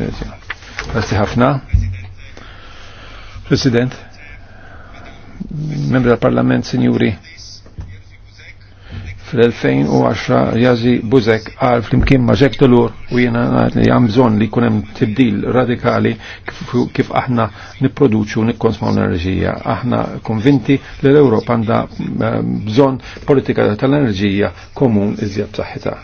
Grazzi ħafna. President, membri tal-Parlament, Sinjuri, fl-2010 Jazi Buzek għal flimkien ma' maġek Delur u jena li għam bżon li kunem tibdil radikali kif aħna niproduċu nikkonsmaw l-enerġija. Aħna konvinti li l-Europa għanda eh, bżon politika tal-enerġija komun iżjab saħħita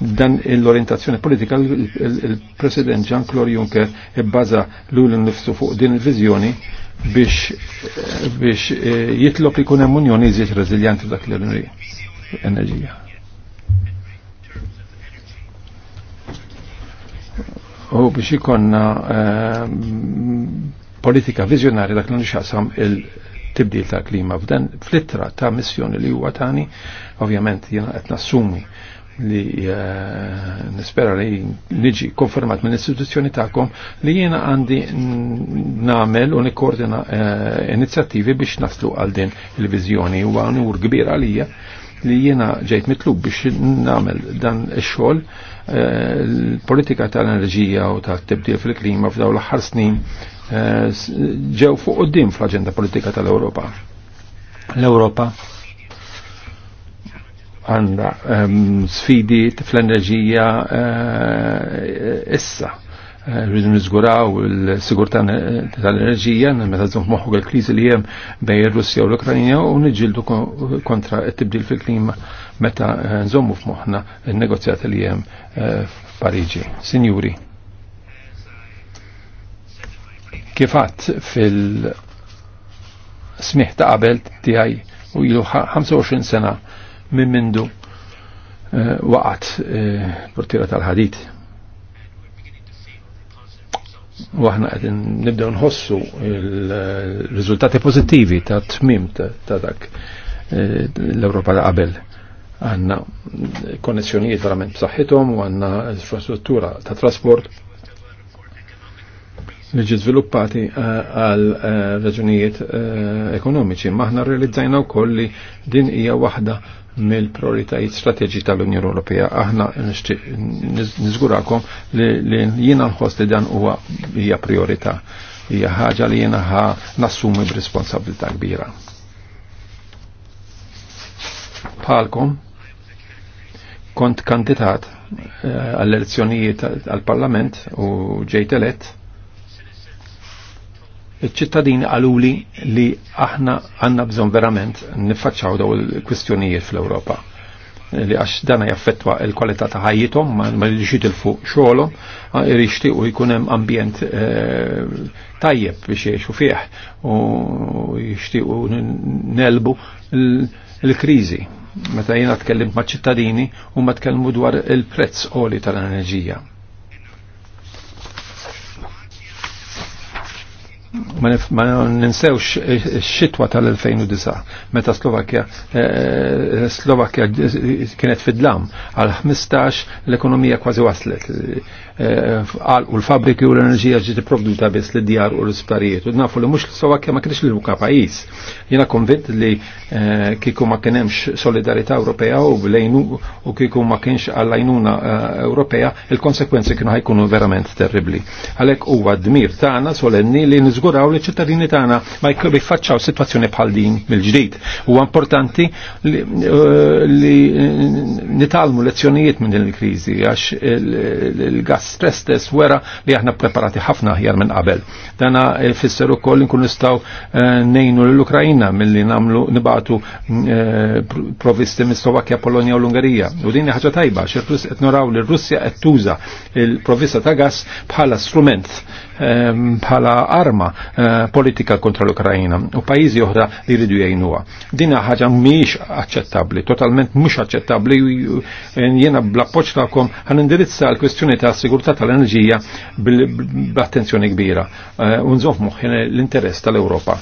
dan l-orientazzjoni politika il-President Jean-Claude Juncker ibbaza l nifsu fuq din il-vizjoni biex biex eh, jitlob li kunem unjoni iżiet reżiljanti dak l-enerġija. U biex ikonna eh, politika vizjonari dak l-nixasam il- tibdil ta' klima f'dan fl-ittra ta' missjoni li huwa tani, ovvjament jiena qed nassumi li eh, nispera li niġi konfermat minn istituzzjoni ta'kom li jiena għandi namel u nikkoordina eh, inizjattivi biex naslu għal din il-vizjoni u għan ur kbira għalija li jiena ġejt mitlub biex namel dan ix-xogħol eh, politika tal-enerġija u tal-tibdil fil-klima f'daw l-aħħar snin ġew fuq qudiem fl-aġenda politika tal-Ewropa. L-Ewropa għandna ehm, sfidi fl-enerġija eh, issa. Eh, rridu nizguraw il-sigurtà tal-enerġija, meta żomm moħħu il-kriżi li hemm bejn ir-Russja u l-Ukrajna u niġildu kontra t-tibdil fil-klima meta eh, nżommu f'moħħna n-negozjati li hemm f'Pariġi. Sinjuri, kifat fil- smiħ ta' qabel tiegħi u ilu 25 sena minn mindu eh, waqat eh, portira tal-ħadit. Waħna qed nibdew nħossu il rizultati pozittivi ta' tmim ta' dak eh, l europa ta' qabel. Għanna konnessjonijiet verament b'saħħithom u għanna infrastruttura ta' trasport li ġi żviluppati eh, għal eh, raġunijiet eh, ekonomiċi. Maħna realizzajna wkoll li din hija waħda mill-prioritajiet strateġi tal-Unjoni Ewropea. Aħna niżgurakom li jiena nħoss li dan huwa hija priorità. Hija ħaġa li jiena ħa nassumi b'responsabilità kbira. Palkom kont kandidat għall-elezzjonijiet għall-Parlament u ġejt elett ċittadini għaluli li aħna għanna bżon verament nifacċaw daw il-kwistjonijiet fl-Europa li għax dana jaffettwa il-kwalità ta' ħajjithom ma jixit il-fuq xogħolhom, irriċti jkun hemm ambjent eh, tajjeb biex jgħixu fih u jixtiequ nelbu l-kriżi. Meta jiena tkellimt ma' ċittadini u ma tkellmu dwar il-prezz qoli tal-enerġija. ma ninsewx xitwa tal-2009 meta Slovakia eh, eh, Slovakia kienet fidlam għal 15 l-ekonomija kważi waslet eh, u l-fabriki u l-enerġija ġiet produta biss li djar u l-isptarijiet u nafu li mhux Slovakia ma kienx l luka pajjiż. Jiena konvint li kieku ma kien hemmx solidarità Ewropea u lejnu u kieku ma kienx għall-għajnuna Ewropea il-konsekwenzi kienu ħajkunu verament terribli. Għalhekk huwa dmir tagħna solenni li niżgur niżguraw li ċittadini tagħna ma jfaċċaw sitwazzjoni bħal din mill-ġdid. Huwa importanti li eh, nitalmu lezzjonijiet minn din il-kriżi għax il-gas stress test wera li aħna preparati ħafna aħjar minn qabel. Dana fisser ukoll inkun nistgħu eh, nejnu l-Ukrajna milli nagħmlu nibatu eh, provisti mis-Slovakkja, Polonja u l-Ungerija. U din ħaġa tajba plus qed naraw li Russja qed tuża il-provista ta' gas bħala strument Ehm, bħala arma eh, politika kontra l-Ukrajina u pajizi oħra li ridu jgħinuha. Dina ħaġa mhix aċċettabbli, totalment mhux aċċettabbli jiena bl-appoġġ tagħkom ħan indirizza l-kwestjoni ta' sigurtà tal-enerġija bl-attenzjoni kbira eh, Unżof nżomm l-interess tal-Ewropa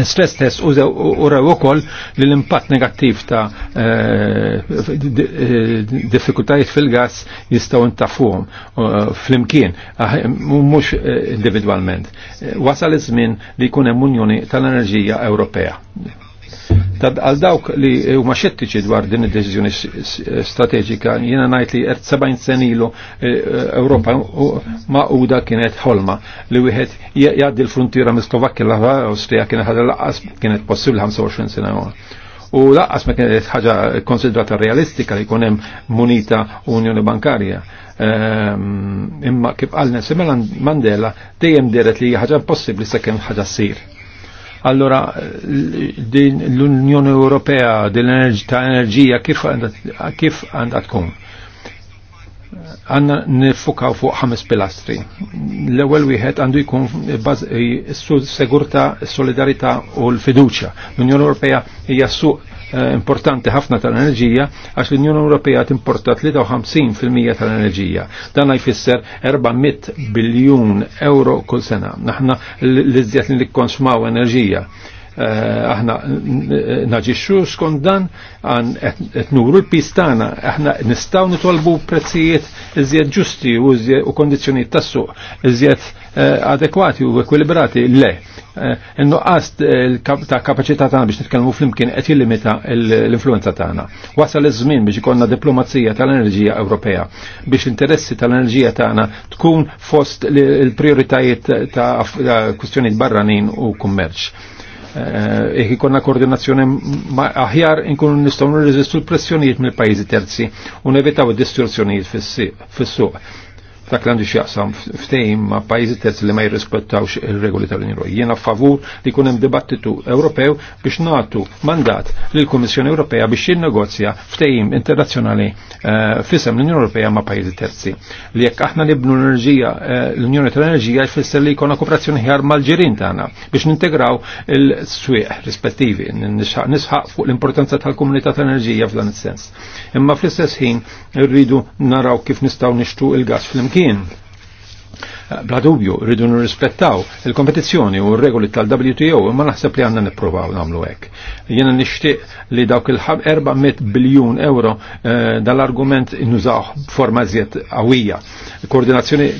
stress test uraw ukoll li l-impatt negattiv ta' eh, eh, diffikultajiet fil-gas jistgħu ntafuhom eh, flimkien ah, mhux individwalment. Wasal iż-żmien li jkun hemm Unjoni tal-Enerġija Ewropea. Għal dawk li huma xettiċi dwar din id-deċiżjoni strateġika, jiena ngħid li qed 70 sen ilu eh, Ewropa maquda kienet ħolma li wieħed jgħaddi l-frontiera mis-Slovakkja l-Awstrija kienet ħadha laqqas kienet possibbli 25 sena u laqqas ma kienet ħaġa konsidrata realistika li jkun hemm munita unjoni bankarja. Ehm, imma kif qal Mandela dejjem deret li ħaġa impossibbli sakemm ħaġa sir. Allora din l-Unjoni Ewropea ta' enerġija kif għandha tkun? għanna nifukaw fuq ħames pilastri. L-ewel wieħed għandu jkun eh, segurta, solidarita u l-fiduċa. L-Unjoni Ewropea hija suq Eh, importanti ħafna tal-enerġija għax l-Unjoni Ewropea timporta 53% tal-enerġija. Dan jfisser 400 biljun euro kull sena. Naħna l-iżjat li konsmaw enerġija. Eh, aħna naġixxu skont dan għan qed nuru l-pistana aħna nistgħu nitolbu prezzijiet iżjed ġusti u kondizzjonijiet tas-suq iżjed eh, adekwati u ekwilibrati le. Eh, innuqqas ta' kapaċità tagħna biex nitkellmu flimkien qed jillimita l-influenza tagħna. Wasal iż-żmien biex ikonna diplomazija tal-enerġija Ewropea biex interessi tal-enerġija tagħna tkun fost l-prioritajiet ta' kwistjonijiet barranin u kummerċ jek eh, ikonna e koordinazzjoni aħjar inkunu nistgħu nirreżistu l-pressjonijiet mill-pajjiżi terzi u nevitaw id-distorsjonijiet fis-suq dak l-għandu xieqsam ftejn ma' pajizi terz li ma' jirrispettawx il-regoli tal-Unjoni Jiena favur li kun hemm dibattitu Ewropew biex natu mandat lil kummissjoni Ewropea biex jinnegozja ftejn internazzjonali eh, fisem l-Unjoni Ewropea ma' pajizi terzi. Li jekk aħna nibnu l-enerġija eh, l-Unjoni tal-Enerġija jfisser li jkollna kooperazzjoni ħjar mal-ġirin tagħna biex nintegraw il-swieq rispettivi nisħaq fuq l-importanza tal-komunità tal-enerġija f'dan is-sens. Imma fl-istess ħin rridu naraw kif nistgħu nixtru il-gas fl-imkien flimkien bla dubju rridu nirrispettaw il-kompetizzjoni u r-regoli tal-WTO imma naħseb li għandna nippruvaw nagħmlu hekk. Jiena nixtieq li dawk il-ħab 400 biljun euro eh, dal-argument innużaw b'forma żjed qawwija. Koordinazzjoni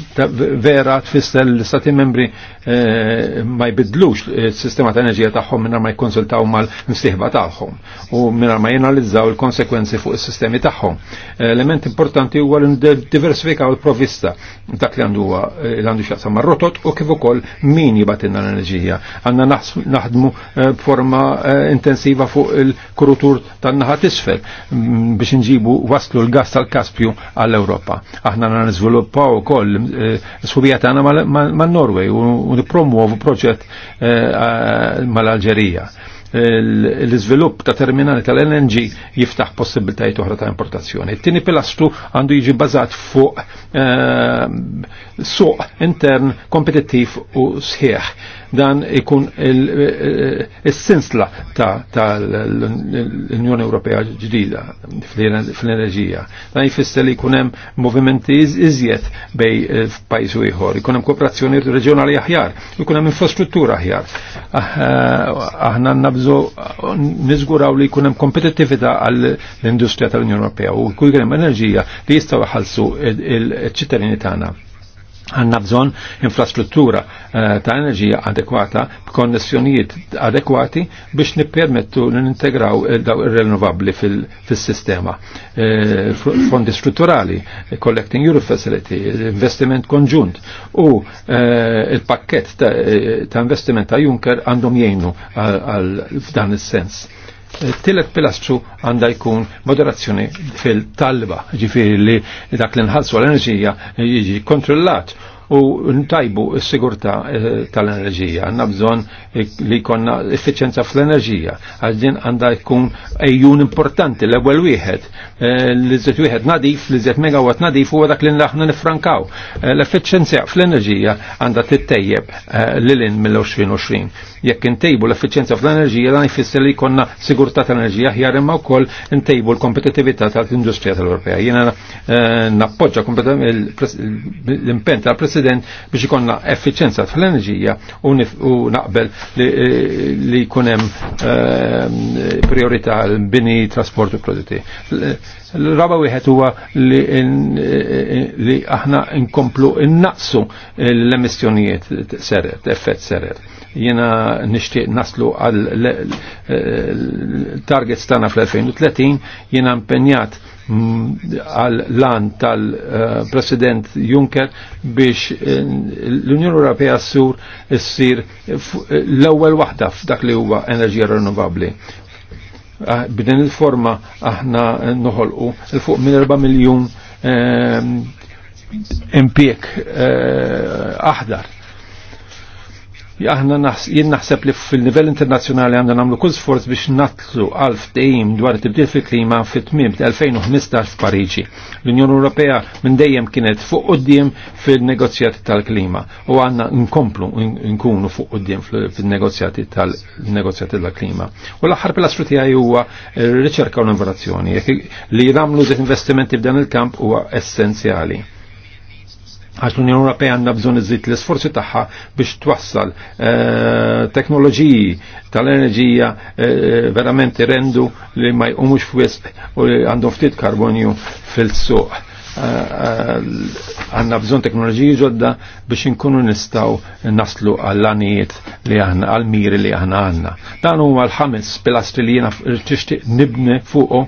vera tfisser l-Stati membri eh, ma jbidlux is-sistema ta' enerġija tagħhom mingħajr ma jkonsultaw mal-mstieħba tagħhom u mingħajr ma jinalizzaw il-konsekwenzi fuq is-sistemi tagħhom. Eh, element importanti huwa li diversifikaw il-provista dak li għandu huwa għandu xaqsa marrotot u kif ukoll min jibatinna l-enerġija. Għanna naħdmu eh, b'forma eh, intensiva fuq il-kurutur tan-naħa tisfel mm, biex nġibu waslu l-gas tal-Kaspju għall-Ewropa. Aħna għanna u ukoll eh, s-subija tagħna mal-Norway u nipromuovu proġett mal-Alġerija l-izvilupp ta' terminali tal-LNG jiftaħ possibilitajiet oħra ta' importazzjoni. It-tieni pilastru għandu jiġi bażat fuq ehm, suq intern kompetittiv u sħiħ. Dan ikun il eh, sinsla tal-Unjoni Ewropea ġdida fl-enerġija. Dan jfisser li jkun hemm movimenti iżjed bej eh, f'pajjiż u ieħor, ikun hemm kooperazzjoni reġjonali aħjar, ikun hemm infrastruttura aħjar. Ah, eh, aħna nizguraw li kunem għal għall-industrija tal unjon Europea u kujgħem enerġija li jistaw ħalsu il-ċittadini tagħna għanna bżon infrastruttura eh, ta' enerġija adekwata b'konnessjonijiet adekwati biex nippermettu l-integraw eh, daw il-renovabli fil-sistema. Eh, fondi strutturali, Collecting Europe Facility, investiment konġunt u il-pakket ta' investiment ta' Juncker għandhom jgħinu għal dan il-sens. Tillet pilastru għanda jkun moderazzjoni fil-talba, ġifiri li dak li inħalsu l-enerġija jiġi kontrollat u ntajbu s-sigurta eh, tal-enerġija. Għanna bżon eh, li konna efficienza fl-enerġija. Għazin għanda jkun ejjun importanti l-ewel wieħed. Eh, l izet wieħed nadif, l izet megawatt nadif u għadak li naħna nifrankaw. l efficienza fl-enerġija għanda tittejjeb l-lin mill-2020. Jekk intejbu l efficienza fl-enerġija dan jfisser li konna sigurta tal-enerġija ħjar imma wkoll ntejbu l-kompetitività tal-industrija tal europea Jiena nappoġġa l impenta tal-President President, biex ikonna effiċenza fl-enerġija u naqbel li kunem ehm, priorità l-bini, trasportu u prodotti. L-raba wieħed huwa li aħna nkomplu innaqsu l-emissjonijiet serret, effett serret jena nishtiq naslu għal eh, targets stana fl-2030 jena impenjat għal lan tal-President eh, Juncker biex eh, l-Unjoni Ewropea s-sur s-sir l-ewwel waħda f'dak li huwa enerġija rinnovabbli ah, b'din il-forma aħna noħolqu il-fuq minn 4 miljun impiek aħdar aħna jien naħseb li fil nivell internazzjonali għandna nagħmlu kull sforz biex natlu għal ftehim dwar it tibdil fil-klima fit-tmiem 2015 f'Pariġi. L-Unjoni Ewropea minn dejjem kienet fuq quddiem fil-negozjati tal-klima u għandna nkomplu nkunu fuq quddiem fil-negozjati tal-negozjati tal-klima. U l-aħħar pilastru tiegħi huwa r-riċerka u l-innovazzjoni li jagħmlu investimenti f'dan il-kamp huwa essenzjali għax l-Unjoni Ewropea għandha bżonn iżid l-isforzi tagħha biex twassal eh, teknoloġiji tal-enerġija eh, verament rendu li ma jqumux f'wisq u li għandhom ftit karbonju fil-suq. Eh, Għanna bżon teknoloġiji ġodda biex inkunu nistaw naslu għall-għanijiet li aħna għall-miri li aħna għandna. Dan huwa l-ħames pilastri li jiena nibni fuqo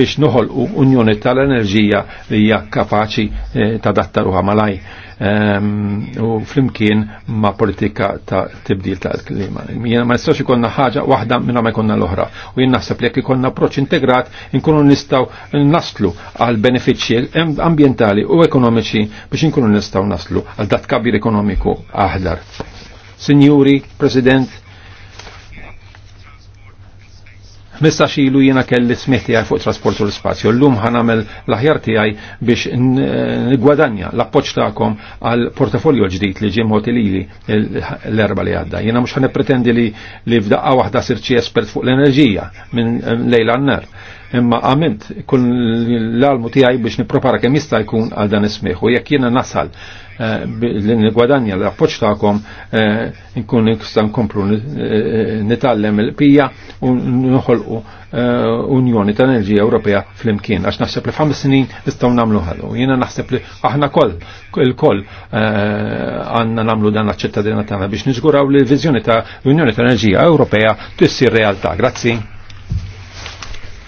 biex noħolqu unjoni tal-enerġija li hija kapaċi eh, ta' datta ruħa malaj ehm, u flimkien ma' politika ta' tibdil ta' klima. Jena ma' nistax ikonna ħaġa waħda minna ma' ikonna l-oħra. U jien naħseb li jekk ikonna approċ integrat inkunu nistaw naslu għal benefiċċji ambientali u ekonomiċi biex inkunu nistaw naslu għal dat kabir ekonomiku aħdar. Signori, President, Missa xilu jina kelli smieħ tiegħi fuq trasport u l-spazju. Llum ħanamel l-aħjar tiegħi biex gwadanja l-appoġġ tagħkom għal portafolju ġdid li ġim hotelili l-erba li għadda. Jiena mhux ħanipretendi li li f'daqqa waħda sirċi espert fuq l-enerġija minn lejla n-nar imma għament kun l-almu tijaj biex niprepara kem jista jkun għal dan ismiħu, jek jena nasal eh, l-gwadanja l-appoċ ta'kom eh, nkun nkustan nkomplu eh, nitallem il-pija u nħolqu Unjoni ta' Enerġija Ewropea fl-imkien, għax naħseb li f'ħames snin nistaw nagħmlu ħadu. Jiena naħseb li aħna koll il-koll għandna nagħmlu dan għaċ-ċittadina tagħna biex niżguraw li l vizjoni ta' Unjoni ta' Enerġija Ewropea tissir realtà. Grazzi.